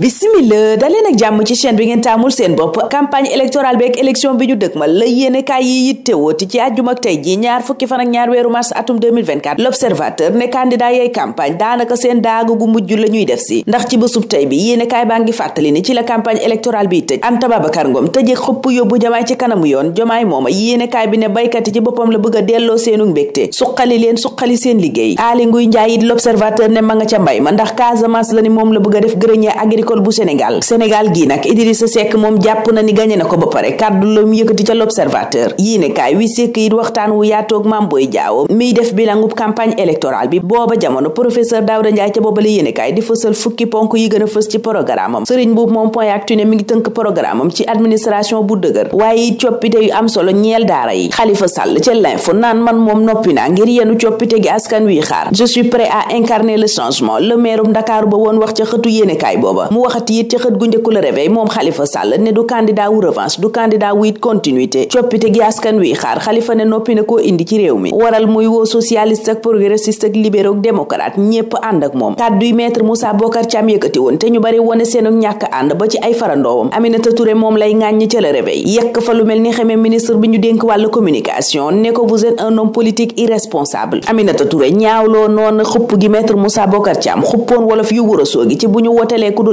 bisimila daleen ak jàmm ci chaîne bi ngeen taamul seen bopp campagne électorale bi ak élection bi ñu dëgmal la yéenekaay yi yitte wooti ci àjjum ak tey ji ñaar fukki fan ñaar weeru mars atum 2024 l'observateur ne candidat yay campagne daanaka seen daagu gu mujj la ñuy def si ndax ci bésub tey bi yéenekaay baa ngi fàttali ni ci la campagne électorale bi tëj Anta Babacar Ngom tëje xupp yóbbu jamaay ci kanamu yoon jomaay mooma yéenekaay bi ne baykat yi ci boppam la bëgg a delloo seenu mbégte suqali leen suqali seen liggéey Aly Ngouille Ndiaye it l'observateur ne ma nga ca mbay ma ndax Casamance la ni moom la bëgg a def gërëñee agricole bu Sénégal Sénégal gi nag Idrissa Seck moom jàpp na ni gañe na ko ba pare kàddu la mu yëkkati ca l'observateur yii wi sekk it waxtaan wu yaatoog Mame Boye Diao miy def bilangub campagne électorale bi booba jamono professeur Daouda Ndiaye ca boobale yéene kaay di fësal fukki ponk yi gën a fës ci programme am Serigne Mboup moom point actu ne mi ngi tënk programme am ci administration bu dëgër waaye it coppite yu am solo ñeel daara yi Khalifa Sall ca l'info naan man moom noppi naa ngir yenu coppite gi askan wi xaar je suis prêt à incarner le changement ba woon wax ca xëtu yéene booba mu waxati it ci xët gu njëkku la réveil moom xalifa sàll ne du candidat wu revanche du candidat wu it continuité coppite gi askan wi xaar xalifa ne noppi na koo indi ci réew mi waral muy woo socialiste ak progressiste ak libéraux ak démocrate ñépp ànd ak moom kàdduy maître Moussa Bokar Thiam yëkkati woon te ñu bari wone seenu ñàkk ànd ba ci ay farandoowam Aminata Touré moom lay ŋàññi ca la réveil yekk fa lu mel ni xamee ministre bi ñu dénk wàllu communication ne ko vous êtes un homme politique irresponsable Aminata Touré ñaawloo noonu xupp gi maître Moussa Bokar Thiam xuppoon wolof ci bu ñu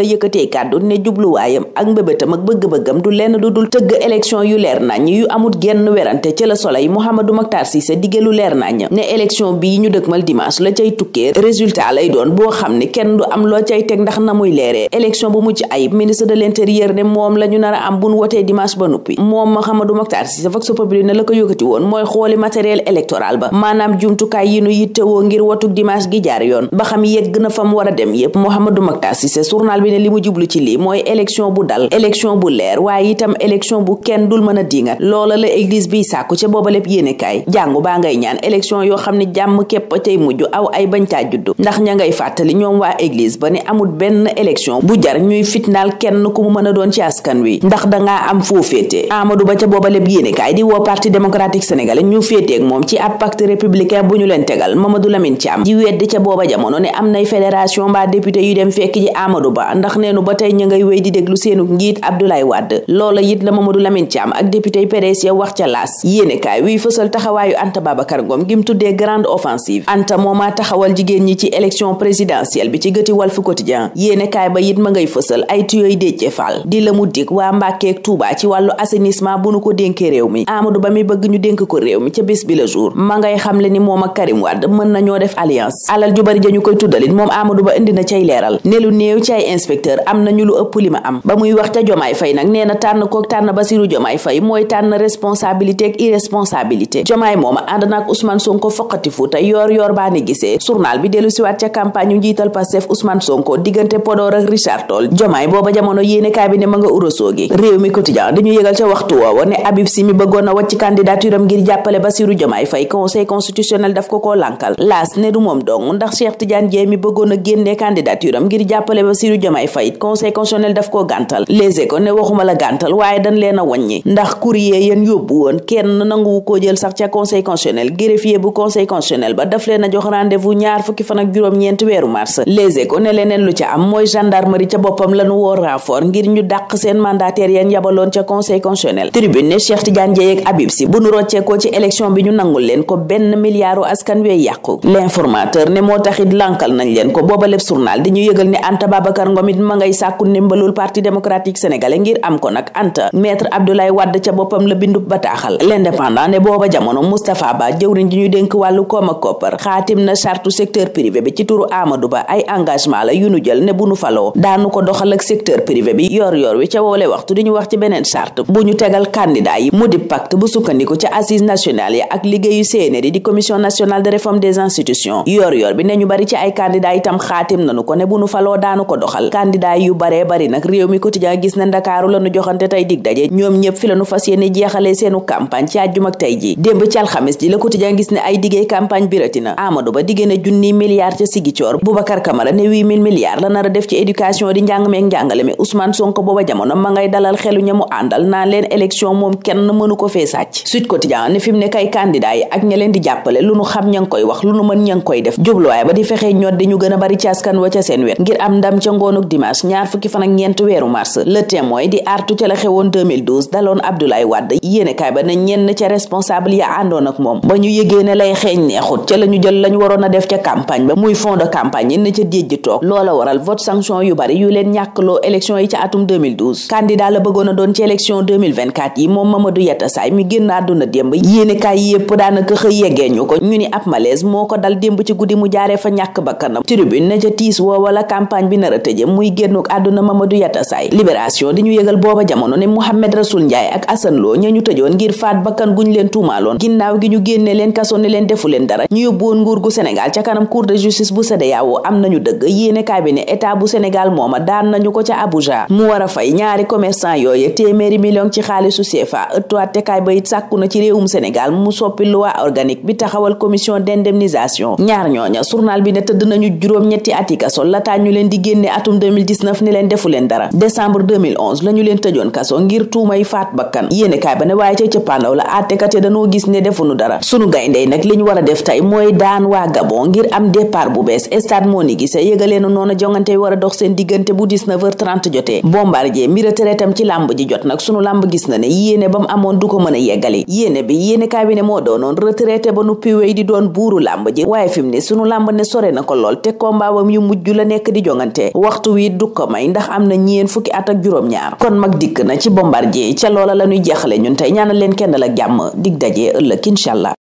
la yëkkatee kàddu ne jubluwaayam ak mbébétam ak bëgg-bëggam du lenn du dul tëgg élection yu leer nañ yu amut genn werante ci la Soleil Mouhamadou Mactar Cissé diggé lu leer nañ ne élection bii ñu dëkmal dimanche la cay tukkee résultat lay doon boo xam ne kenn du am loo cay teg ndax na muy leeree élection bu mucc ayib ministre de l'intérieur ne moom la ñu nar am buñ wotee dimanche ba noppi moom Mouhamadou Mactar Cissé Vox Populi ne la ko yëkkati woon mooy xooli matériel électoral ba maanaam jumtukaay yi nu yittewoo ngir watuk dimanche gi jaar yoon ba xam yegg na fa mu war a dem yépp Mouhamadou Mactar Cissé journal bi bi ne li mu jublu ci lii mooy élection bu dal élection bu leer waaye itam élection bu kenn dul mën a dingat loola la église biy sàkku ca booba lépp yéenekaay jàngu baa ngay ñaan élection yoo xam ne jàmm képp tey mujj aw ay bañ caa juddu ndax ña ngay fàttali ñoom waa église ba ne amul benn élection bu jar ñuy fitnaal kenn ku mu mën a doon ci askan wi ndax dangaa am foo féete Amadou Ba ca booba lépp yéenekaay di woo parti démocratique sénégalais ñu féeteeg moom ci ab pacte républicain bu ñu leen tegal ma ma Mamadou Lamine Thiam di wedd ca booba jamono ne am nay fédération mbaa député yu dem fekk ji Amadou Ba ndax neenu ba tey ña ngay wéy di déglu seenu njiit Abdoulaye Wade loola it la Mamadou Lamine Thiam ak député PDS ya wax ca laas yéenekaay wiy fësal taxawaayu Anta Babacar Ngom gim tuddee grande offensive Anta a taxawal jigéen ñi ci élection présidentielle bi ci gëti Walf Quotidien yéenekaay ba it ma ngay fësal ay tuyoy Déthié Fall di la mu dig waa Mbàkkeek Tuuba ci wàllu assainissement bu nu ko dénkee réew mi Amadou Ba mi bëgg ñu dénk ko réew mi ca bés bi la jour ma ngay xamle ni moom ak Karim Wade mën nañoo def alliance alal ju bari ja ñu koy tuddalit moom Amadou Ba indi cay leeral inspecteur am nañu lu ëpp li ma am ba muy wax ca jomaay fay nag nee tànn kook tànn basiru jomaay fay mooy tànn responsabilité ak irresponsabilité jomaay mooma ànd na ak Ousmane Sonko foqati fuuta yoor yoor baa ni gisee journal bi dellu siwaat ca campagne yu njiital Pastef Ousmane Sonko diggante Podor ak Richard Toll jomaay booba jamono yéene kaay bi ne ma nga urosoo gi réew mi quotidien dañu yëgal ca waxtu woowa ne Habib Sy mi bëggoon a wàcc a Diomaye Faye conseil constitutionnel daf koo gàntal Les Échos ne waxuma la gàntal waaye dañ leen a wàññi ndax courrier yéen yóbbu woon kenn nanguwu koo jël sax ca conseil constitutionnel greffier bu conseil constitutionnel ba daf leen a jox rendez-vous ñaar fukki fan ak juróom-ñeenti weeru mars Les Échos ne leneen lu ca am mooy gendarmerie ca boppam lañu woo renfort ngir ñu dàq seen mandataire yeen yabaloon ca conseil constitutionnel tribune ne Cheikh Tidiane ak Habib Sy bu nu rocceekoo ci élection ko benn milliardu askan weey yàqu l'informateur ne moo taxit lankal nañ leen moom it ma ngay sàkku ndimbalul parti démocratique sénégalais ngir am ko nag anta maître Abdoulaye Wade ca boppam la bindu bataaxal l'indépendant ne booba jamono Moustapha Ba jëwriñ ji ñu dénk wàllu koom ak koppar xaatim na chartu secteur privé bi ci turu Amadou Ba ay engagement la yu nu jël ne bu nu faloo daanu ko doxal ak secteur privé bi yor yor wi ca woole waxtu di wax ci beneen charte bu ñu tegal candidat yi mu di pacte bu sukkandiku ca assise candidat yu baree bari nag réew mi quotidien gis na ndakaaru lanu joxante tey dig daje ñoom ñëpp fi lanu fas yéene jeexalee seenu campagne ci àjjuma ko fee ne fi ne kay candidat ak ña leen di jàppale lu nu xam ña koy wax lu nu mën ña koy def jubluwaay ba di fexee ñod ñu gën bari ci askan ca seen wet ngir am ndam ca ngoonu fanuk ñaar fukki fan ñeent weeru mars le témoin di artu ca la xewoon daloon Abdoulaye Wade yéene kaay ba ne ñenn ca responsable ya àndoon ak moom ba ñu yëgee ne lay xeeñ neexut ca la jël lañ waroon a def ca campagne ba muy fond de campagne yi ne ca déej toog loola waral vote sanction yu bari yu leen ñàkkaloo élection yi ca atum 2012 la bëggoon doon ci élection yi moom Mamadou Yatassay mi génn àdduna démb yéene kaay yépp daanaka xëy muy génnuk àdduna Mamadou Yatassay libération di ñu yëgal booba jamono ne Mouhamed Rasoul Ndiaye ak Assane Lo ñu tëjoon ngir faat bakkan guñ leen tuumaaloon ginnaaw gi ñu génne leen kaso ne leen defu leen dara ñu yóbbuwoon nguur gu Sénégal ca kanam cour de justice bu CEDEAO am nañu dëgg yéene cabinet état bu Sénégal mooma daan nañu ko ca Abuja mu war a fay ñaari commerçant yooye téeméeri million ci xaalisu CFA ëttu attekaay ba it bi taxawal commission d'indemnisation ñaar ñooña journal bi ne tëdd nañu 2019 ni leen defu leen dara décembre 2011 la ñu leen tëjoon kaso ngir tuumay faat bakkan yéene kaay ba ne waaye ca cëppaandaw la àttekat ya dañoo gis ne defuñu dara sunu gayndey nag li ñu def tey mooy daan waa Gabon ngir am départ bu bees stade moo ni gisee yëgaleenu noonu jongante war a dox seen diggante bu 19h30 jotee bombardier mi retraitam ci làmb ji jot nag sunu làmb gis na ne yéene ba mu amoon du ko mën a yeggali yéene bi yéene kaay bi ne moo doonoon retraité ba nu piwéy di doon buuru làmb ji waaye fi mu ne sunu làmb ne sore na ko lool te combat wam yu mujj la nekk di jongante wii wi du ko may ndax am na ñeen fukki at ak juróom-ñaar kon mag dikk na ci bombar jee ca loola la ñuy jeexale ñun tey ñaanal leen kenn la jàmm dig daje ëllëg incha allah